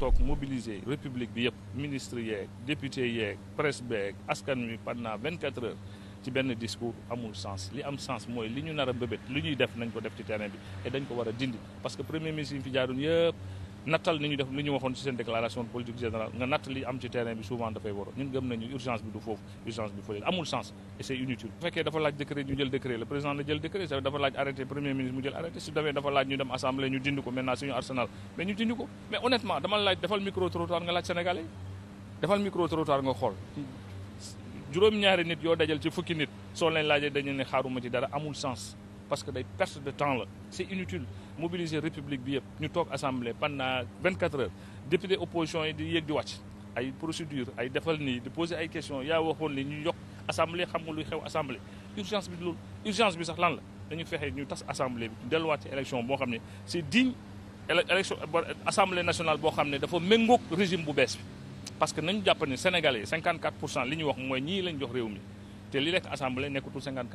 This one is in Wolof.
toog mobiliser république bi yëpp ministre yeeg député yeeg presse beeg askan wi pendant vingt quatre heures ci benn discours amul sens li am sens mooy li ñu nar a bébét li ñuy def nañ ko def ci terrain bi et dañ ko war a dindi parce que premier ministre yi fi jaaroon yëpp nattal ni ñu def li ñu waxoon ci seen déclaration de politique générale nga natt li am ci terrain bi souvent dafay waroon ñun gëm nañu urgence bi du foofu urgence bi fële amul sens et c'est inutile dafa laaj décret ñu jël décret le président la jël décret dafa laaj arrêté premier ministre mu jël arrêté su dafa laaj ñu dem assemblée ñu dindi ko maintenant suñu arsenal mais ñu dindi ko mais honnêtement dama laaj defal micro trottoir nga laaj juróom-ñaari nit yoo dajal ci fukki nit soo leen laajee dañu ne xaaruma ci dara amul sens parce que day perte de mobiliser république bi yëpp ñu toog assemblée pendant vingt quatre heures député opposition yi di yéeg di wàcc ay procédure ay defal nii di poser ay questions yaa waxoon ni ñu yokk assemblée xam nga luy xew assemblée urgence bi loolu bi sax lan la dañu fexe ñu tas assemblée bi delluwaat ci élection boo xam ne c'est digne élection assemblée nationale boo xam ne dafa méngoog régime bu bees bi parce que nañu jàpp ne Sénégalais 54 pour cent li ñu wax mooy ñii lañ jox réew mi te nekk assemblée nekkatul